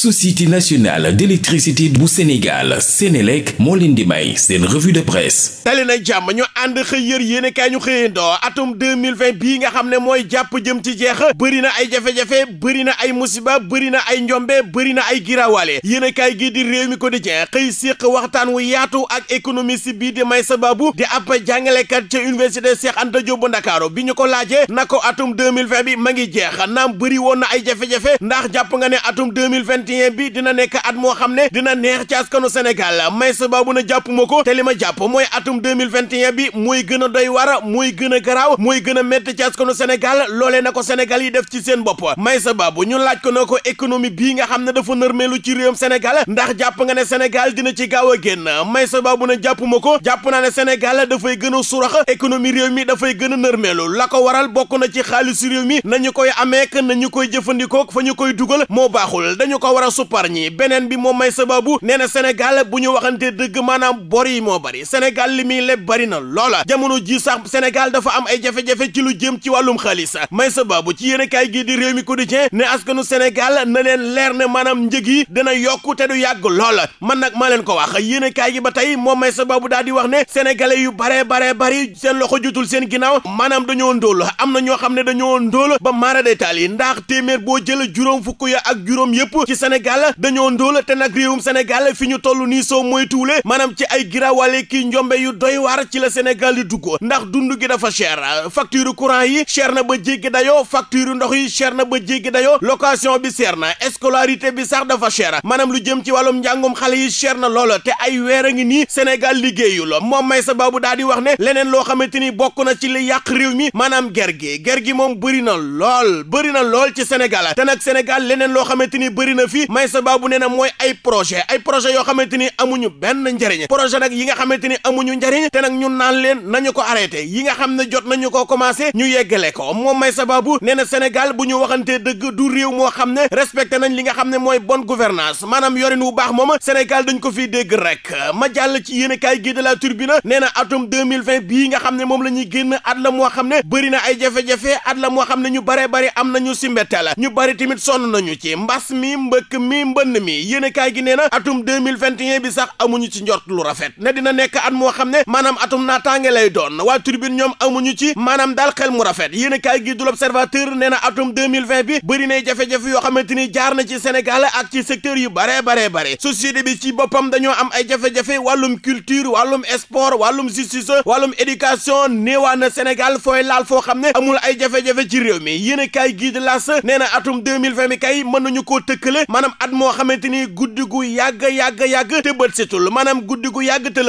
société nationale d'électricité bu Sénégal Sénélec moo leen di may seen revue de presse tali na jàmm ñu ànd xëy yër kaa kaay ñu xëyandoo atum 2020 bii nga xam ne mooy jàpp jëm ci jeex bëri na ay jafe-jafe bëri na ay musiba bëri na ay njombe bëri na ay giraawaale yéene kaay gii di réew mi ko di jeex xëy séq waxtaan wu yaatu ak économiste bii di may sababu di ab jàngalekat ca université Cheikh Anta Diop bu Ndakaaru bi ñu ko laajee na ko atum 2020 bi ma ngi jeex naa bëri woon na ay jafe ndax jàpp nga ne atum 2020 2021 bi dina nekk at moo xam ne dina neex ci askanu Sénégal may sa baabu na jàpp ma ko te li ma jàpp mooy atum 2021 bi muy gën a doy war muy gën a garaaw muy gën a métti ci askanu Sénégal loolee na ko Sénégal yi def ci seen bopp may sa baabu ñu laaj ko na ko économie bii nga xam ne dafa nërmeelu ci réewum Sénégal ndax jàpp nga ne Sénégal dina ci gaaw a génn may sa baabu na jàpp ma ko jàpp naa ne Sénégal dafay gën a surax économie réew mi dafay gën a nërmeelu la ko waral bokk na ci xaalisu réew mi nañu koy amee nañu koy jëfandikoo ñu koy dugal moo baaxul war a suppar ñi beneen bi moom may sababu nee na Sénégal bu ñu waxante dëgg maanaam bor yi moo bëri Sénégal li muy leb bëri na loola jamono ji sax Sénégal dafa am ay jafe-jafe ci lu jëm ci wàllum xaalis may sababu ci yéen a kaay gii di réew mi quotidien ne askanu Sénégal na leen leer ne maanaam njëg yi dina yokku te du yàgg loola man nag ma leen ko wax yéen a gi ba tey moom may sababu daal di wax ne sénégalais yu bare bare bari seen loxo jutul seen ginnaaw maanaam dañoo ndóol am na ñoo xam ne dañoo ndóol ba maara day taal yi ndax téeméer boo jël juróom fukk ya ak juróom Sénégal dañoo ndóol te nag réewum Sénégal fi ñu toll nii soo moytuwule maanaam ci ay girawale kii njombe yu doy waar ci la Sénégal di dugg ndax dund gi dafa cher facture courant yi cher na ba jéggi dayoo facture ndox yi cher na ba jéggi dayoo location bi cher na scolarité bi sax dafa cher maanaam lu jëm ci wàllum njàngum xale yi cher na loola te ay weer a ngi nii Sénégal liggéeyul moom may sababu daal di wax ne leneen loo xamante ni bokk na ci li yàq réew mi maanaam ger gi ger gi moom bëri na lool bëri na lool ci Sénégal te nag Sénégal leneen loo xamante ni bëri na fi bi Maysa Babou nee na mooy ay projet ay projet yoo xamante ni amuñu benn njëriñ projet nag yi nga xamante ni amuñu njëriñ nag ñun naan leen nañu ko arrêté yi nga xam ne jot nañu ko commencé ñu yeggale ko moom Maysa Babou nee na Sénégal bu ñu waxantee dëgg du réew moo xam ne respecté nañ li nga xam ne mooy bon gouvernance maanaam yorin wu baax moom Sénégal dañ ko fii dégg rek ma jàll ci yéen a kaay gi de la turbine nee na atum 2020 bii nga xam ne moom la ñuy génn at la moo xam ne bëri na ay jafe-jafe at la moo xam ne ñu bare bari am nañu si la ñu bari tamit sonn nañu ci mbas mi mbëkk ñàkk mi mbënn mi yéenekaay gi nee na atum 2021 bi sax amuñu ci njort lu rafet ne dina nekk at moo xam ne maanaam atum naataange lay doon waa turbine ñoom amuñu ci maanaam daal xel mu rafet yéenekaay gi du l'Observateur nee na atum 2020 bi bëri nay jafe-jafe yoo xamante ni jaar na ci Sénégal ak ci secteur yu baree baree bare société bi ci boppam dañoo am ay jafe-jafe wàllum culture wàllum sport wàllum justice wàllum éducation néewaa na Sénégal fooy laal foo xam ne amul ay jafe ci réew mi yéenekaay gi di L'As nee na atum 2020 bi kay mën nañu koo tëkkale maanaam at moo xamante ni guddi gu yàgg yàgg yàgg te bët setul maanaam guddi gu yàgg te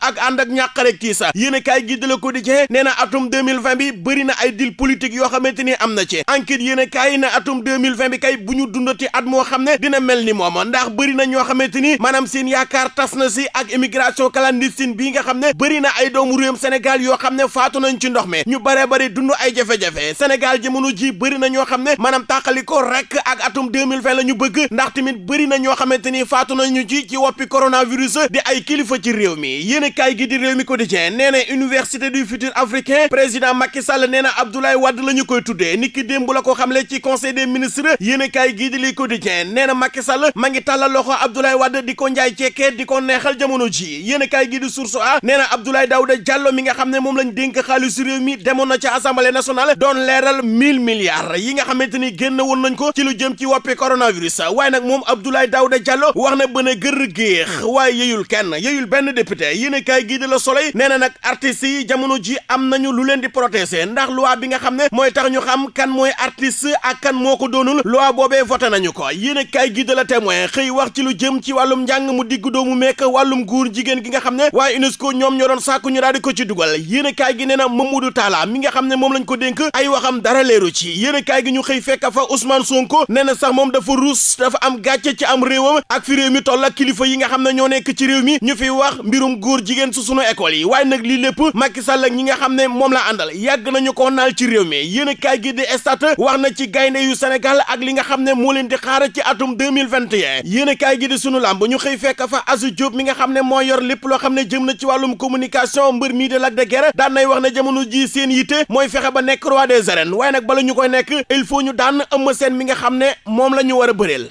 ak ànd ak ñàq rek kii sa yéen a kaay gi de Le Quotidien nee na atum 2020 bi bëri na ay deal politique yoo xamante ni am na ci enquête yéen a kaay na atum 2020 bi kay bu ñu dund dundati at moo xam ne dina mel ni moom ndax bëri na ñoo xamante ni maanaam seen yaakaar tas na si ak immigration clandestine bii nga xam ne bëri na ay doom réewum Sénégal yoo xam ne faatu nañ ci ndox mi ñu bare bari dund ay jafe-jafe Sénégal jamono bëri na ñoo xam ne maanaam tàqali ko rek ak atum 2020 la ñu bëgg ndax tamit bëri na ñoo xamante ni faatu nañu ci ci woppi coronavirus di ay kilifa ci réew mi yéen kaay gi di réew mi quotidien nee na université du futur africain président Macky Sall nee na Abdoulaye Wade la ñu koy tuddee niki démb la ko xamle ci conseil des ministres yéen kaay gi di li quotidien nee na Macky Sall ma ngi tàllal loxo Abdoulaye Wade di ko njaay cekkee di ko neexal jamono ji yéen kaay gi di source a nee na Abdoulaye Daouda Diallo mi nga xam ne moom lañ dénk xaalisu réew mi demoon na ci assemblée nationale doon leeral mille milliards yi nga xamante ni génn woon nañ ko ci lu jëm ci woppi coronavirus waaye nag moom Abdoulaye Daouda Diallo wax na bën a gër géex waaye yeyul kenn yeyul benn député yéen kaay gii de la Soleil nee na nag artistes yi jamono ji am nañu lu leen di protéger ndax loi bi nga xam ne mooy tax ñu xam kan mooy artiste ak kan moo ko doonul loi boobee voté nañu ko yéen kaay gii de la Témoin xëy wax ci lu jëm ci wàllum njàng mu digg doomu meek wàllum góor jigéen gi nga xam ne waaye UNESCO ñoom ñoo doon sàkku ñu daal ko ci dugal yéen kaay gi nee na Mamadou Talla mi nga xam ne moom lañ ko dénk ay waxam dara leeru ci yéen gi ñu xëy fekk fa Ousmane Sonko nee na sax moom dafa ruus dafa am gàcc ci am réewam ak fi réew mi toll kilifa yi nga xam ne ñoo nekk ci réew mi ñu fiy wax mbirum góor jigéen su sunu école yi waaye nag lii lépp Macky Sall ak ñi nga xam ne moom la àndal yàgg nañu ko naal ci réew mi yéen a gi di Stades wax na ci gaynde yu Sénégal ak li nga xam ne moo leen di xaar ci atum 2021 yéen a kaay gi di sunu làmb ñu xëy fekk fa Asu Diop mi nga xam ne moo yor lépp loo xam ne jëm na ci wàllum communication mbër mii de Lac de daan nay wax ne jamono ji seen yitte mooy fexe ba nekk roi des waaye nag bala ñu koy nekk il faut ñu daan Eumeu Sène mi nga xam ne moom la ñu war a bëreel